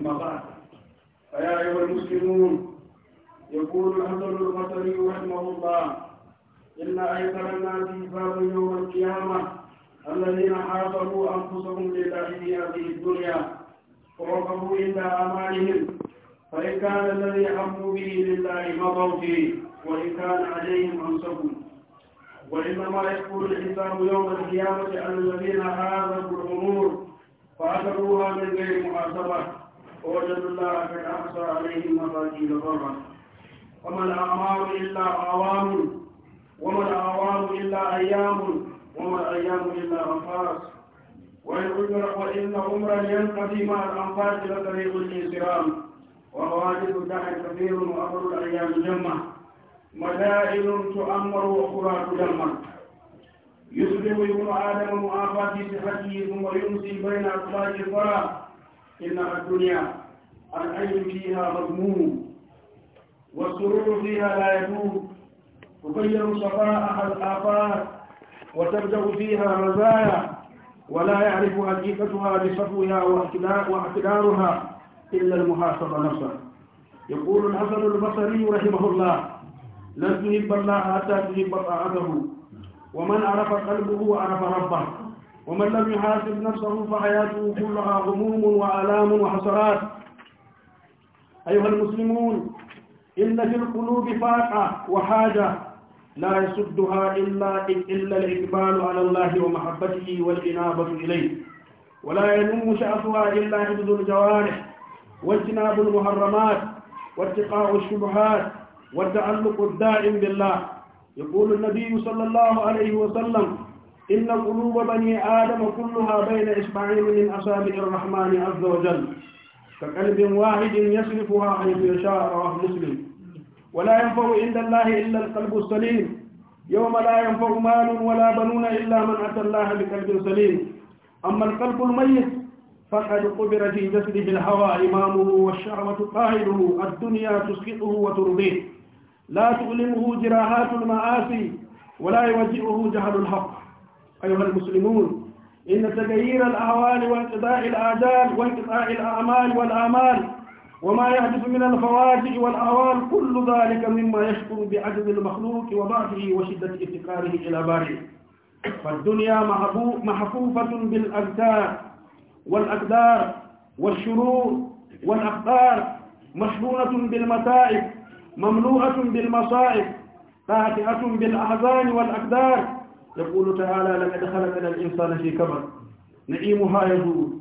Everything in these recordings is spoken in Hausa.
أما بعد فيا أيها المسلمون يقول الحسن البصري رحمه الله إن أيسر الناس حسابا يوم القيامة الذين حافظوا أنفسهم لله في هذه الدنيا ووقفوا عند امالهم فإن كان الذي حموا به لله مضوا فيه وإن كان عليهم أنصفوا وإنما يكون الحساب يوم القيامة على الذين هاذوا الأمور فأخذوها من غير محاسبة ووجدوا الله قد أقصى عليهم مقادير ضرا وما الأعمار إلا أعوام وما الأعوام إلا أيام وما الأيام إلا أنفاس وإن عمر وإن عمرا ينقضي مع الأنفاس لطريق الانصرام وحوادث الدهر كثير وأمر الأيام جمة مدائن تؤمر وأخرى تدمر يسلم ابن آدم معافاة صحته ثم يمسي بين أطلاق الفرح إنما الدنيا العين فيها مضمون والسرور فيها لا يدوم تغير شفاءها الآفات وتبدأ فيها مزايا ولا يعرف حقيقتها بصفوها واعتدارها إلا المحاسبة نفسها يقول الحسن البصري رحمه الله لن تهب الله حتى تهب طاعته ومن عرف قلبه عرف ربه ومن لم يحاسب نفسه فحياته كلها غموم وآلام وحسرات أيها المسلمون إن في القلوب فاقة وحاجة لا يسدها إلا إلا الإقبال على الله ومحبته والإنابة إليه ولا يلم شأفها إلا حفظ الجوارح واجتناب المحرمات واتقاء الشبهات والتعلق الدائم بالله يقول النبي صلى الله عليه وسلم إن قلوب بني آدم كلها بين إسماعيل من أصابع الرحمن عز وجل كقلب واحد يصرفها حيث يشاء رواه مسلم ولا ينفع عند الله إلا القلب السليم يوم لا ينفع مال ولا بنون إلا من أتى الله بقلب سليم أما القلب الميت فقد قبر في جسده الهوى إمامه والشهوة قائله الدنيا تسقطه وترضيه لا تؤلمه جراحات المآسي ولا يوجئه جهل الحق أيها المسلمون إن تغيير الأهوال وانقطاع الآجال وانقطاع الأعمال والآمال وما يحدث من الفواجع والأعوال كل ذلك مما يشكر بعجز المخلوق وضعفه وشدة افتقاره إلى باره فالدنيا محفوفة بالأقدار والأقدار والشرور والأقدار مشحونة بالمتائب مملوءة بالمصائب تاتئة بالأحزان والأقدار يقول تعالى لقد من الإنسان في كبر نعيمها يزول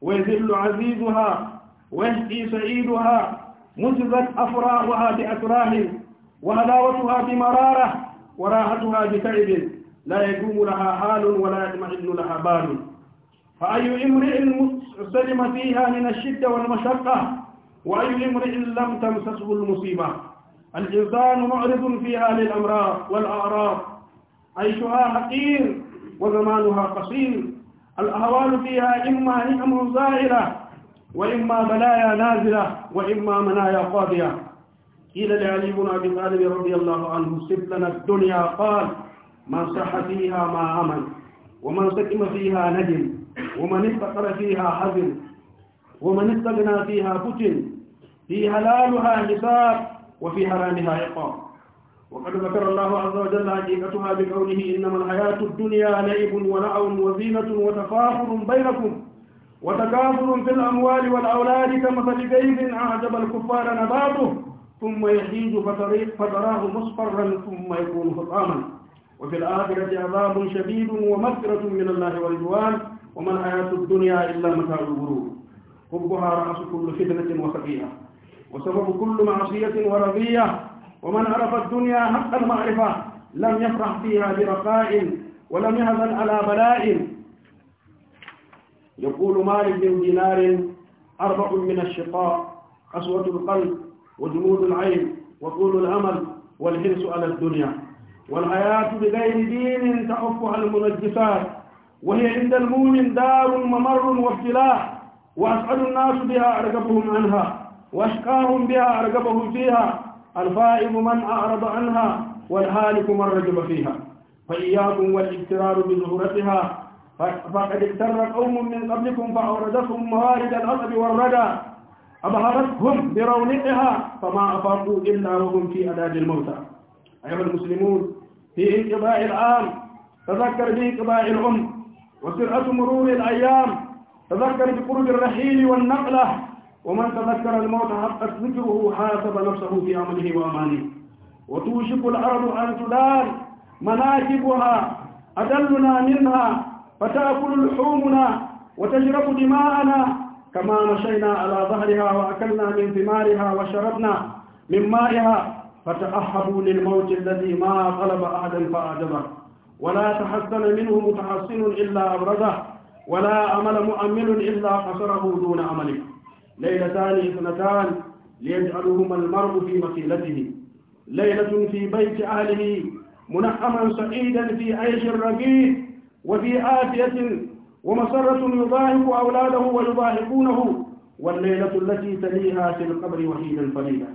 ويذل عزيزها ويهدي سعيدها مزبت أفراغها بأكراه وهلاوتها بمرارة وراحتها بتعب لا يقوم لها حال ولا يطمئن لها بال فأي امرئ سلم فيها من الشدة والمشقة وأي امرئ لم تمسسه المصيبة الإنسان معرض فيها للأمراض والأعراض عيشها حقير وزمانها قصير الأهوال فيها إما نعم زائلة وإما بلايا نازلة وإما منايا قاضية قيل لعلي بن أبي طالب رضي الله عنه سب لنا الدنيا قال من صح فيها ما أمن ومن سكم فيها ندم ومن افتقر فيها حزن ومن استغنى فيها فتن في حلالها حساب وفي حرامها عقاب وقد ذكر الله عز وجل حقيقتها بقوله إنما الحياة الدنيا لعب ولعب وزينة وتفاخر بينكم وتكاثر في الأموال والأولاد كمثل غيث أعجب الكفار نباته ثم يحيد فتراه مصفرا ثم يكون حطاما وفي الآخرة عذاب شديد ومكرة من الله والجوان وما الحياة الدنيا إلا متاع الغرور حبها رأس كل فتنة وخطيئة وسبب كل معصية ورضية ومن عرف الدنيا حق المعرفة لم يفرح فيها برقاء ولم يهزن على بلاء يقول مالك بن دينار أربع من الشقاء قسوة القلب وجمود العين وطول الأمل والحرص على الدنيا والحياة بغير دين تعفها المنجسات وهي عند المؤمن دار ممر وابتلاء وأسعد الناس بها أرغبهم عنها وأشقاهم بها أرغبهم فيها الفائض من أعرض عنها والهالك من رجب فيها فإياكم والاقترار بظهورتها فقد اغتر قوم من قبلكم فأوردتهم موارد الغضب والردى أبهرتهم برونقها فما أفاقوا إلا وهم في أداب الموتى أيها المسلمون في انقضاء العام تذكر بانقضاء العمر وسرعة مرور الأيام تذكر بقرب الرحيل والنقلة ومن تذكر الموت حق ذكره حاسب نفسه في أمره وأمانه وتوشك الارض أن تدار مناكبها أدلنا منها فتأكل لحومنا وتجرب دماءنا كما مشينا على ظهرها وأكلنا من ثمارها وشربنا من مائها فتأهبوا للموت الذي ما غلب أحدا فأعجبه ولا تحسن منه متحسن إلا أبرزه ولا أمل مؤمل إلا قصره دون أمله ليلتان اثنتان ليجعلهما المرء في مقيلته ليلة في بيت أهله منعما سعيدا في عيش رقيق وفي آفية ومسرة يضاهك أولاده ويضاهكونه والليلة التي تليها في القبر وحيدا فريدا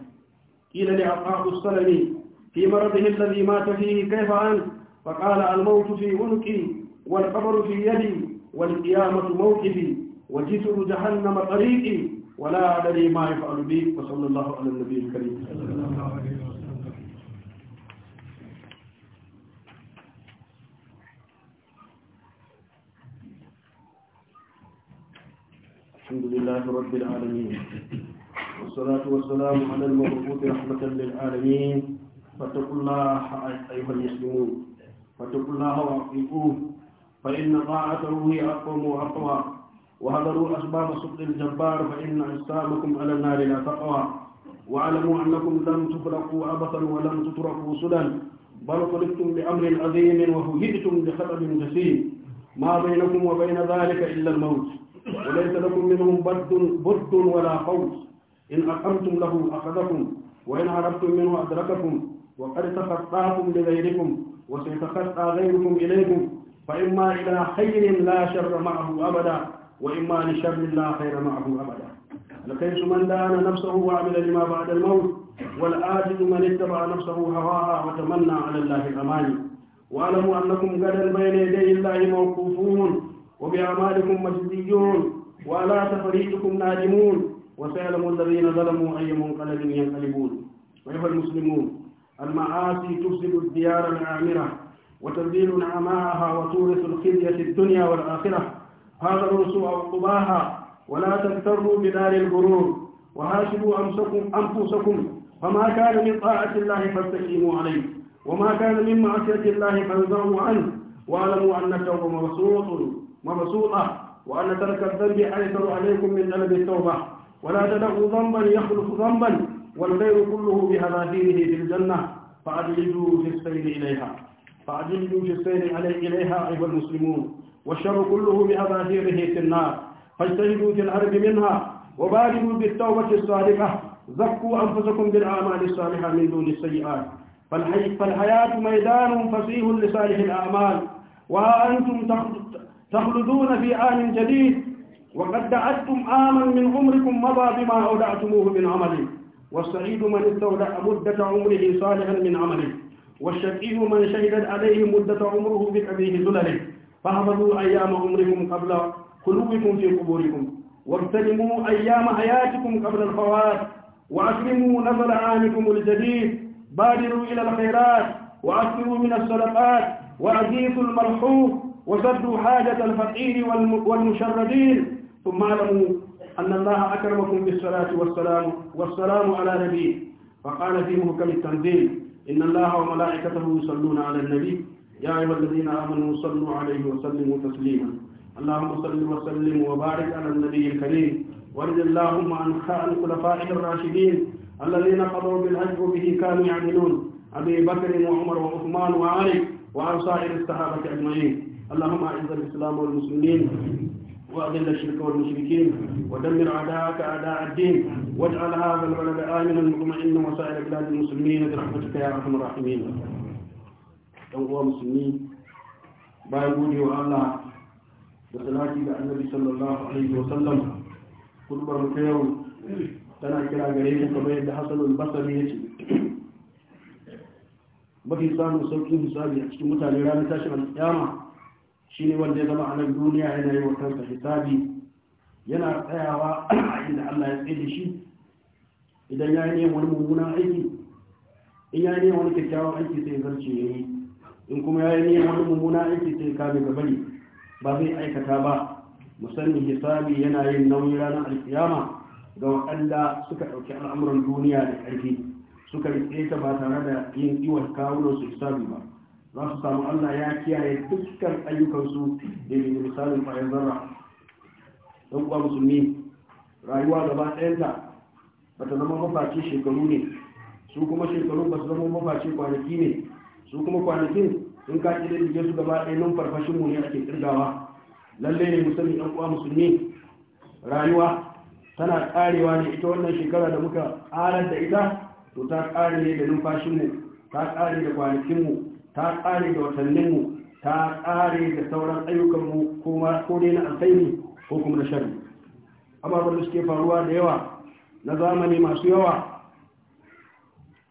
قيل لعطاء السلمي في مرضه الذي مات فيه كيف أنت فقال الموت في عنقي والقبر في يدي والقيامة موقفي وجسر جهنم طريقي ولا أدري ما يفعل بي وصلى الله على النبي الكريم الحمد لله رب العالمين والصلاة والسلام على المبعوث رحمة للعالمين فاتقوا الله أيها المسلمون فاتقوا الله وأطيعوه فإن طاعته هي أقوم وأقوى وهذروا أسباب سقط الجبار فإن أجسامكم على النار لا تقوى واعلموا أنكم لم تفرقوا عبثا ولم تتركوا سدى بل طلبتم بأمر عظيم وفهئتم بخطب جسيم ما بينكم وبين ذلك إلا الموت وليس لكم منهم برد, برد ولا خوف إن أقمتم له أخذكم وإن عرفتم منه أدرككم وقد تخطاكم لغيركم وسيتخطى غيركم إليكم فإما إلى خير لا شر معه أبدا وإما لشر لا خير معه أبدا لكي من دان نفسه وعمل لما بعد الموت والآجز من اتبع نفسه هواها وتمنى على الله الأماني واعلموا أنكم غدا بين يدي الله موقوفون وبأعمالكم مجزيون ولا تفريطكم نادمون وسيعلم الذين ظلموا أي منقلب ينقلبون أيها المسلمون المعاصي تفسد الديار العامرة وتزيل نعماءها وتورث الخزية في الدنيا والآخرة هاجروا سوء القباحة ولا تغتروا بدار الغرور وهاشموا أنفسكم أنفسكم فما كان من طاعة الله فاستقيموا عليه وما كان من معصية الله فانزعوا عنه واعلموا أن التوبة مبسوطة مبسوطة وأن ترك الذنب أيسر عليكم من طلب التوبة ولا تدعوا ذنبا يخلف ذنبا والخير كله بهذا في الجنة فأدلجوا في السير إليها فأدلجوا في السير إليها أيها المسلمون والشر كله بأظاهره في النار فاجتهدوا في الأرض منها وبادروا بالتوبة الصادقة زكوا أنفسكم بالأعمال الصالحة من دون السيئات فالحياة ميدان فصيح لصالح الأعمال وها أنتم تخلدون في آن جديد وقد دعتم آما من عمركم مضى بما أودعتموه من عمله والسعيد من استودع مدة عمره صالحا من عمله والشقي من شهدت عليه مدة عمره بأبيه ذلله فاحفظوا أيام عمركم قبل خلوكم في قبوركم واغتنموا أيام حياتكم قبل الفوات وأكرموا نزل عامكم الجديد بادروا إلى الخيرات وأكثروا من الصدقات وأزيدوا المرحوم وسدوا حاجة الفقير والمشردين ثم اعلموا أن الله أكرمكم بالصلاة والسلام والسلام على نبيه فقال في محكم التنزيل إن الله وملائكته يصلون على النبي يا أيها الذين آمنوا صلوا عليه وسلموا تسليما اللهم صل وسلم وبارك على النبي الكريم وارض اللهم عن الخلفاء الراشدين الذين قضوا بالهجر به كانوا يعملون أبي بكر وعمر وعثمان وعلي وعن سائر الصحابة أجمعين اللهم أعز الإسلام والمسلمين وأذل الشرك والمشركين ودمر أعداءك أعداء الدين واجعل هذا البلد آمنا مطمئنا وسائر بلاد المسلمين برحمتك يا أرحم الراحمين ɗan uwa musulmi bayan gode wa Allah da salati da annabi sallallahu alaihi wa sallam kulbar mu ta yau tana kira gare mu kamar yadda hasanul basri yace mafi samun sauƙin hisabi a cikin mutane ranar tashin alƙiyama shine wanda ya zama a nan duniya yana yi wa kansa hisabi yana tsayawa a inda Allah ya tsaye da shi idan ya yi wani mummunan aiki in ya yi wani kyakkyawan aiki sai zarce ya yi in kuma ya yi niyan wani mummuna aiki sai kame ga bari ba zai aikata ba musamman hisabi yana yin nauyi ranar alkiyama ga waɗanda suka ɗauki al'amuran duniya da ƙarfi suka riƙe ta ba tare da yin iwon kawunan su hisabi ba za su samu allah ya kiyaye dukkan ayyukansu da yi misalin ƙwayar zarra don kuwa musulmi rayuwa gaba ɗayanta ba ta zama mafaci shekaru ne su kuma shekaru ba su zama mafaci kwanaki ne su kuma kwanakin in ka da jirgin su gaba ɗaya nan farfashin mu ne ake kirgawa lalle ne musamman ɗan uwa musulmi rayuwa tana karewa ne ita wannan shekara da muka ƙarar da ita to ta ƙare ne da numfashin mu ta ƙare da kwanakin mu ta ƙare da watannin mu ta ƙare da sauran ayyukan mu ko dai na alkhairi ko kuma na sharri ababen da suke faruwa da yawa na zamani masu yawa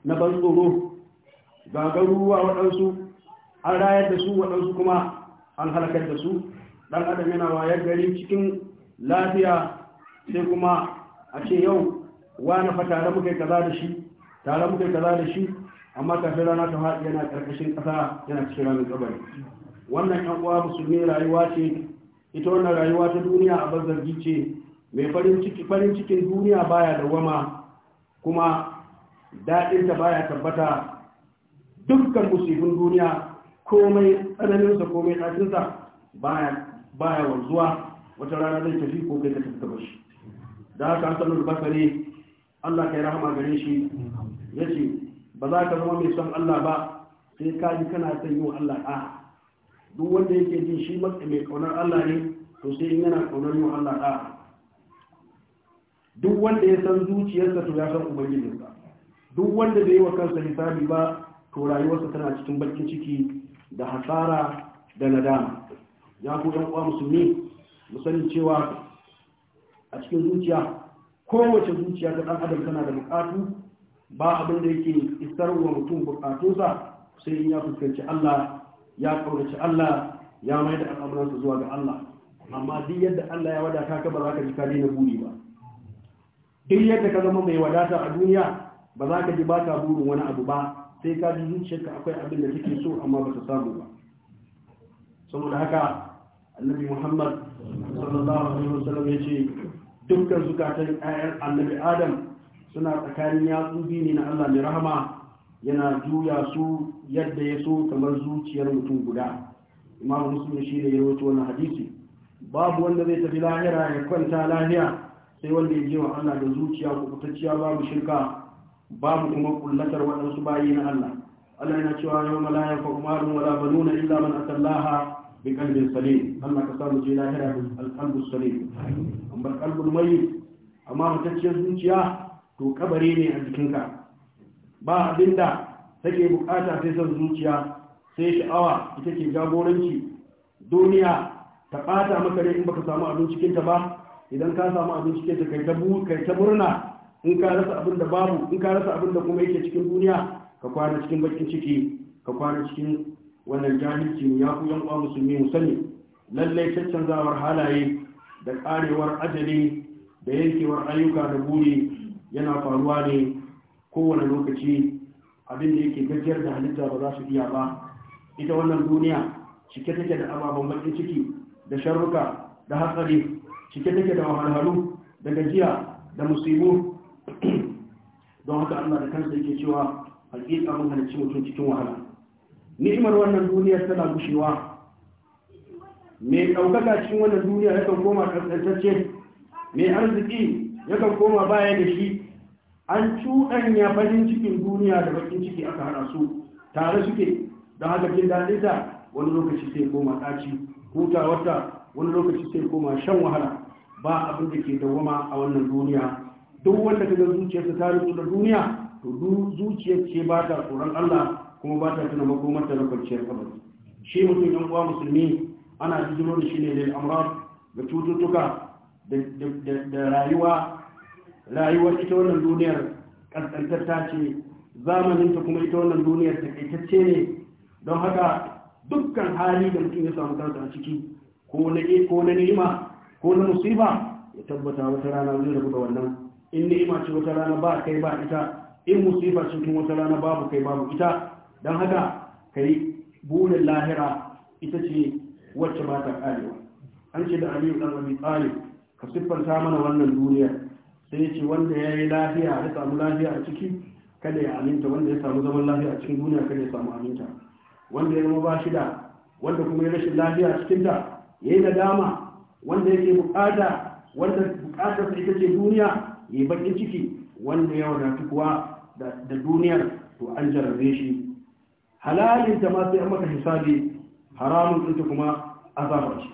na ban tsoro ga ruwa waɗansu an rayar da su waɗansu kuma an halakar da su ɗan adam yana wayar gari cikin lafiya sai kuma a ce yau wa na fa tare muka kaza da shi tare muka kaza da shi amma kafin rana ta haɗi yana ƙarƙashin ƙasa yana cikin ramin kabari wannan yan uwa musulmi rayuwa ce ita wannan rayuwa ta duniya a zargi ce mai farin cikin duniya baya da dawama kuma daɗinta baya tabbata dukkan musibin duniya komai tsananinsa komai ba baya wanzuwa wata rana zai tafi ko kai ka tafi shi da haka da basari Allah ya rahama gare shi ce ba za ka zama mai son Allah ba sai ka ji kana son yi wa Allah a duk wanda yake jin shi mai kaunar Allah ne to sai in yana kaunar yi wa Allah a duk wanda ya san zuciyarsa to ya san ubangijinsa duk wanda bai yi wa kansa hisabi ba ko rayuwarsa tana cikin bakin ciki da hasara da nadama ya ku ɗan uwa musulmi musanin cewa a cikin zuciya kowace zuciya ta ɗan adam tana da buƙatu ba abin da yake isar wa mutum buƙatunsa sai in ya fuskanci Allah ya ƙaunaci Allah ya mai da al'amuransa zuwa ga Allah amma duk yadda Allah ya wadata ka ba za ka ji ka daina buri ba duk yadda ka zama mai wadata a duniya ba za ka ji ba ka burin wani abu ba sai ka ji zuciyarka akwai abin da take so amma ba ta samu ba saboda haka annabi muhammad sallallahu alaihi wasallam ya ce dukkan zukatan ƴaƴan annabi adam suna tsakanin yatsu biyu ne na allah mai rahama yana juya su yadda ya so kamar zuciyar mutum guda imamu muslim shi ne ya rawaito wannan hadisi babu wanda zai tafi lahira ya kwanta lahiya sai wanda ya je wa allah da zuciya ko babu shirka babu kuma kullatar waɗansu bayi na Allah Allah yana cewa yau la yanfa'u wa wala nuna illa man atallaha bi qalbin salim Allah ka samu je lahira da alqalbu salim amma qalbul mayyit amma mutacciyar zuciya to kabare ne a jikinka ba abinda take bukata sai san zuciya sai sha'awa ita ke jagoranci duniya ta bata maka ne in baka samu abin cikin ba idan ka samu abin cikin ta kai kai ta murna in ka rasa abin da babu in ka rasa abin da kuma yake cikin duniya ka kwana cikin bakin ciki ka kwana cikin wannan jahilci ya ku yan uwa musulmi mu sani lallai caccanzawar halaye da karewar ajali da yankewar ayyuka da buri yana faruwa ne kowane lokaci abin da yake gajiyar da halitta ba za su iya ba ita wannan duniya cike take da ababen bakin ciki da sharruka da hatsari cike take da wahalhalu da gajiya da musibu don haka Allah da kansa yake cewa hakika mun halicci mutum cikin wahala ni'imar wannan duniyar tana gushewa mai ɗaukaka cikin wannan duniya yakan koma ƙasƙantacce mai arziki yakan koma baya da shi an cuɗanya farin cikin duniya da bakin ciki aka haɗa su tare suke don haka jin daɗin da wani lokaci sai koma ɗaci hutawarta wani lokaci sai koma shan wahala ba abin da ke dawama a wannan duniya duk wanda ka ga zuciyarsa ta rubu da duniya to duk zuciyar ce ba ta tsoron Allah kuma ba ta tuna makomar ta na kwanciyar kabari shi mutum yan uwa musulmi ana jiro da shi ne da al'amuran da cututtuka da rayuwa rayuwar ita wannan duniyar ta ce zamaninta kuma ita wannan duniyar takaitacce ne don haka dukkan hali da mutum ya samu kansa a ciki ko na ko ni'ima ko na musiba ya tabbata wata rana zai rabu da wannan in ni'ima ce wata rana ba kai ba ita in musifa ce tun wata rana babu kai babu ita don haka kai burin lahira ita ce wacce ba ta karewa an ce da aliyu dan abi tsari ka siffanta mana wannan duniya sai ce wanda ya yi lafiya ya samu lafiya a ciki kada ya aminta wanda ya samu zaman lafiya a cikin duniya kada ya samu aminta wanda ya zama ba shi da wanda kuma ya rashin lafiya a cikin ta ya yi nadama wanda yake bukata wanda bukatarsa ita ce duniya yi bakin ciki wanda ya wadatu kuwa da duniyar to an jarabe shi halalin ta masu sai maka hisabi haramun ɗinta kuma azabar shi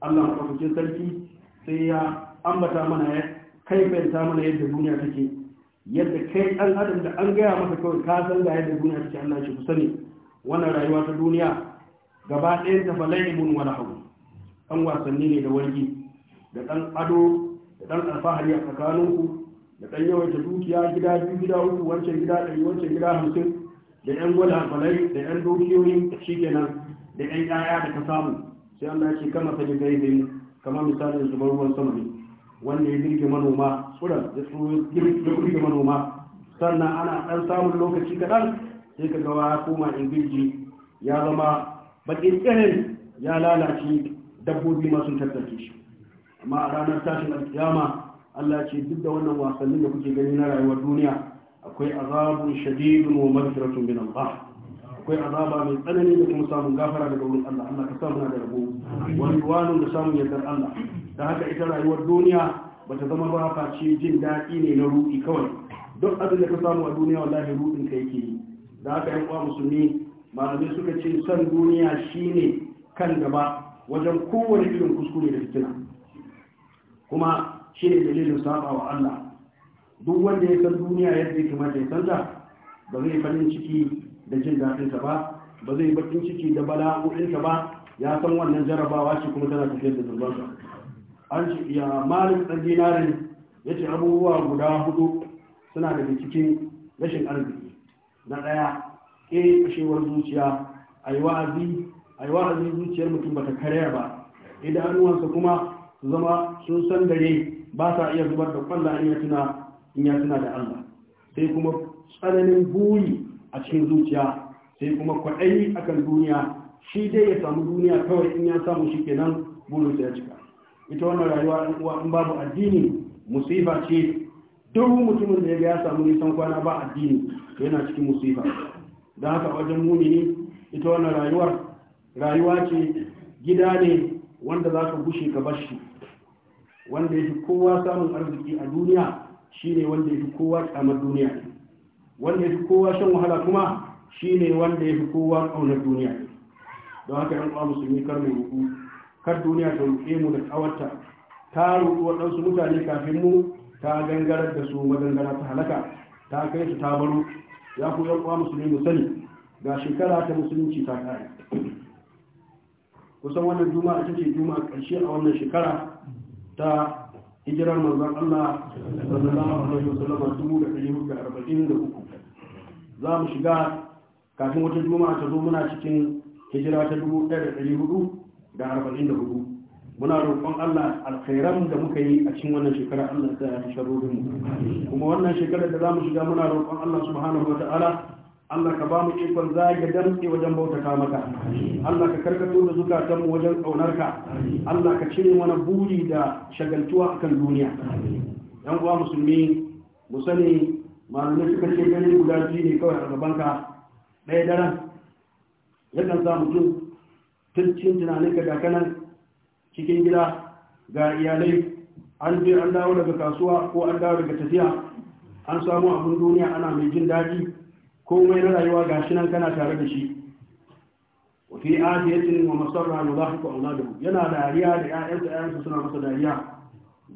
allah maɗaukakin sarki sai ya ambata mana ya kaifanta mana yadda duniya take yadda kai ɗan adam da an gaya masa kawai ka san ga yadda duniya take allah shi ku sani wannan rayuwa ta duniya gaba ɗayan ta mun wani hau ɗan wasanni ne da wargi da ɗan ado da ɗan alfahari a tsakaninku da ɗan yawaita dukiya gida biyu gida uku wancan gida ɗari wancan gida hamsin da ƴan gwada falai da ƴan dukiyoyi kenan, da ƴan yaya da ka samu sai Allah ce kama sani gaibin kamar misalin zubar ruwan sama ne wanda ya girge manoma tsuran ya girge manoma sannan ana ɗan samun lokaci kaɗan sai ka gawa ya koma ingirji ya zama baƙin tsirin ya lalace dabbobi masu tattalin shi amma a ranar tashin alkiyama Allah ce duk da wannan wasannin da kuke gani na rayuwar duniya akwai azabun shadidun wa maghfiratun bin Allah akwai azaba mai tsanani da kuma samun gafara daga wurin Allah Allah ka sa muna da rabo wa ridwanun da samun yardar Allah da haka ita rayuwar duniya bata zama ba face jin daɗi ne na ruɗi kawai duk abin da ka samu a duniya wallahi ruɗin ka yake yi da haka yan uwa musulmi malamai suka ce san duniya shine kan gaba wajen kowane irin kuskure da fitina kuma shi ne dalilin saba wa Allah duk wanda ya san duniya yadda ya kamata ya san ba zai farin ciki da jin daɗinsa ba ba zai bakin ciki da bala'o'insa ba ya san wannan jarabawa ce kuma tana tafiyar da zurbansa an ce ya malin ɗan dinarin ya ce abubuwa guda hudu suna da cikin rashin arziki na ɗaya ƙe ƙashewar zuciya a yi wa'azi a yi wa'azi zuciyar mutum bata karya ba idanuwansa kuma su zama sun san dare ba sa iya zubar da kwallo in ya tuna da Allah sai kuma tsananin buri a cikin zuciya sai kuma kwaɗayi a kan duniya shi dai ya samu duniya kawai in ya samu shi kenan burin ya cika ita wannan rayuwa ɗan uwa in babu addini musifa ce duk mutumin da ya ga ya samu nisan kwana ba addini to yana cikin musifa don haka wajen mumini ita wannan rayuwar rayuwa ce gida ne wanda za ka gushe ka bar shi wanda ya fi kowa samun arziki a duniya shine wanda ya fi kowa kamar duniya wanda ya fi kowa shan wahala kuma shine wanda ya fi kowa ƙaunar duniya don haka yan uwa musulmi kar mai ruku kar duniya ta ruke mu da tsawarta ta ruku waɗansu mutane kafin mu ta gangarar da su magangara ta halaka ta kai su ta baro ya ku yan uwa musulmi mu sani ga shekara ta musulunci ta kare kusan wannan juma'a ita ce juma'a ƙarshe a wannan shekara ta hijirar manzon Allah sallallahu alaihi wasallam dubu da ɗari hudu da arba'in da uku za mu shiga kafin wata juma'a ta zo muna cikin hijira ta dubu ɗaya da ɗari hudu da arba'in da hudu muna roƙon Allah alkhairan da muka yi a cikin wannan shekara Allah ta ya fi sharorin mu kuma wannan shekarar da za mu shiga muna roƙon Allah subhanahu wa ta'ala Allah ka ba mu ikon zage damtse wajen bautata maka Allah ka karkato da zukatanmu wajen ƙaunarka Allah ka cire mana buri da shagaltuwa akan duniya yan uwa musulmi mu sani malamai suka ce ganin guda biyu ne kawai a gabanka ɗaya daren yakan sa mutum tuncin tunanin ka dakanan cikin gida ga iyalai an je an dawo daga kasuwa ko an dawo daga tafiya an samu abin duniya ana mai jin daɗi komai na rayuwa ga shi nan kana tare da shi wa fi afiyatin wa masarra yudhahiku awladuhu yana dariya da 'ya'yansa 'ya'yansa suna masa dariya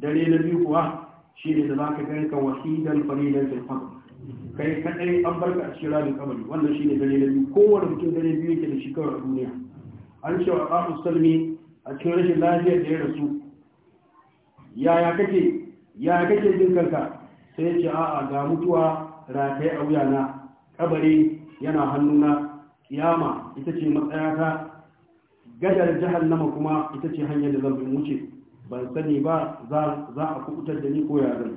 dare na biyu kuwa shine da za ka wasi dan fari dan qabr kai kadai an barka a cikin rabin kamari. wannan shine dare na biyu kowane mutum dare biyu yake da shi kawai a duniya an ce wa ƙafu salmi a cikin rashin lafiyar da ya rasu yaya kake yaya kake jin kanka sai ya ce a'a ga mutuwa rataye a wuyana kabari yana hannuna kiyama ita ce matsayata gadar jahannama kuma ita ce hanyar da zan bin wuce ban sani ba za a kubutar da ni ko ya zan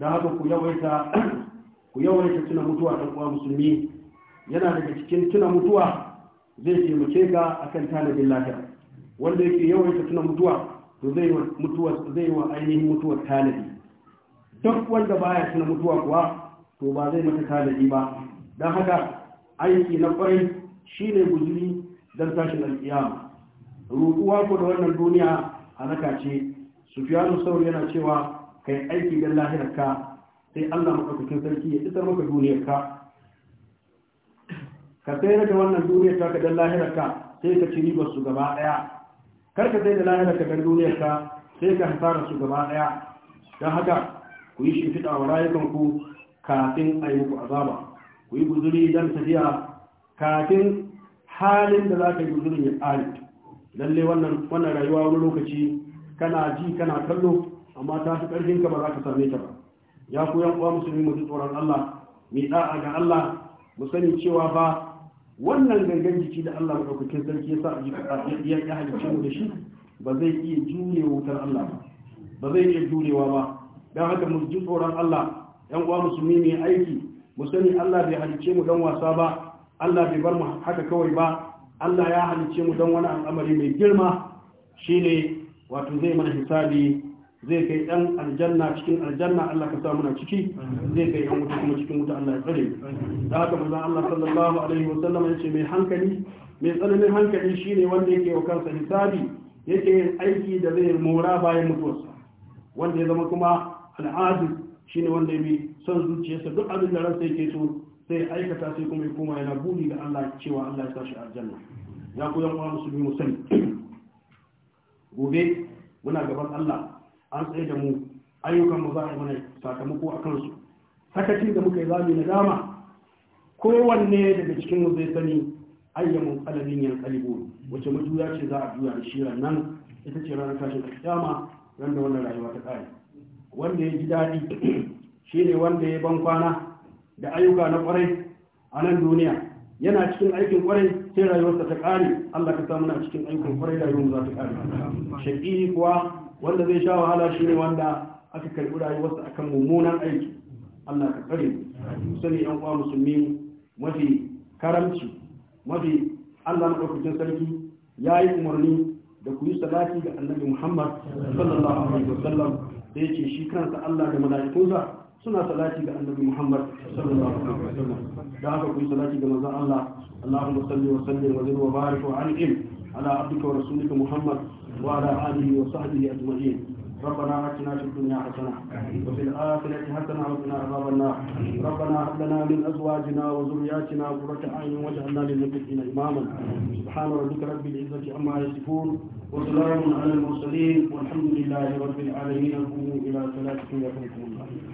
da haka ku yawaita ku yawaita tuna mutuwa ɗan kuwa musulmi yana daga cikin tuna mutuwa zai taimake ka akan tanadin lahira wanda yake yawaita tuna mutuwa to zai wa mutuwa zai wa ainihin mutuwar tanadi duk wanda baya tuna mutuwa kuwa to ba zai mata tanadi ba don haka aiki na kwarai shi ne guzuri don tashin alkiyama rukuwa ku da wannan duniya halaka ce sufiyanu sauri yana cewa kai aiki don lahirarka sai allah maɗaukakin sarki ya isar maka duniyarka ka sai da wannan duniyar ta dan lahirarka sai ka ci ribar su gaba daya kar ka sai da lahirarka dan duniyar ka sai ka hasara su gaba daya don haka ku yi shi fita wa rayukan ku kafin a yi muku azaba ku yi guzuri don tafiya kafin halin da za ka yi guzurin ya ƙare lalle wannan rayuwa wani lokaci kana ji kana kallo amma ta fi ka ba za ka same ta ba ya ku yan uwa musulmi mu ji tsoron Allah mai da'a ga Allah mu sani cewa ba wannan gangan jiki da Allah madaukakin sarki ya sa ya ya halicci mu da shi ba zai iya jurewa wutar Allah ba ba zai iya jurewa ba dan haka mu ji tsoron Allah yan uwa musulmi mai aiki mu sani Allah bai halice mu dan wasa ba Allah bai bar mu haka kawai ba Allah ya halice mu dan wani al'amari mai girma shine wato zai mana hisabi zai kai dan aljanna cikin aljanna Allah ka sa muna ciki zai kai yan wuta kuma cikin wuta Allah ya tsare da haka manzon Allah sallallahu alaihi wa sallam yace mai hankali mai tsananin hankali shine wanda yake wa kansa hisabi yake yin aiki da zai mora bayan mutuwarsa wanda ya zama kuma al'adu shine wanda ya bi son zuciyarsa duk abin da ransa ke so sai aikata sai kuma ya koma yana buni da Allah cewa Allah ya sa shi aljanna ya ku yan uwa musulmi mu sani gobe muna gaban Allah an tsaye da mu ayyukan mu za a yi mana sakamako a kansu sakacin da muka yi zami na dama kowanne daga cikin mu zai sani ayyamin alamin yan kalibu wace majuya ce za a juya da shi nan ita ce ranar tashin kiyama ran da wannan rayuwa ta kare wanda ya ji daɗi shi ne wanda ya ban kwana da ayyuka na kwarai a nan duniya yana cikin aikin kwarai sai rayuwarsa ta kare Allah ka sa muna cikin aikin kwarai rayuwar za ta kare shaqi kuwa wanda zai sha wahala shine wanda aka karbi rayuwarsa akan mummunan aiki Allah ka kare mu sani yan uwa musulmi mafi karamci mafi Allah na madaukakin sarki ya yi umarni da ku yi salati ga Annabi Muhammad sallallahu alaihi wasallam da ce shi kansa Allah da mala'ikunsa suna salati ga annabi Muhammad sallallahu alaihi wasallam da haka ku salati ga manzon Allah Allahumma salli wa sallim wa zid wa barik wa an'im ala abdika wa rasulika Muhammad wa ala alihi wa sahbihi ajma'in ربنا آتنا في الدنيا حسنة وفي الآخرة حسنة وقنا عذاب النار ربنا هب لنا من أزواجنا وذرياتنا قرة أعين واجعلنا للمتقين إماما سبحان ربك رب العزة عما يصفون وسلام على المرسلين والحمد لله رب العالمين قوموا إلى صلاتكم رب العالمين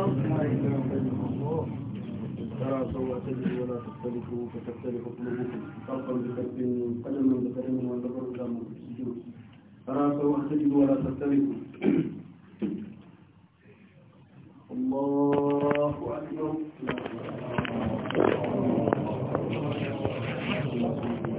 تختلف فتختلف قلوبكم فرقا بكسب قلم من ذكر وذكر لا مفسدون تراثوا واعتدلوا ولا تختلفوا الله أكبر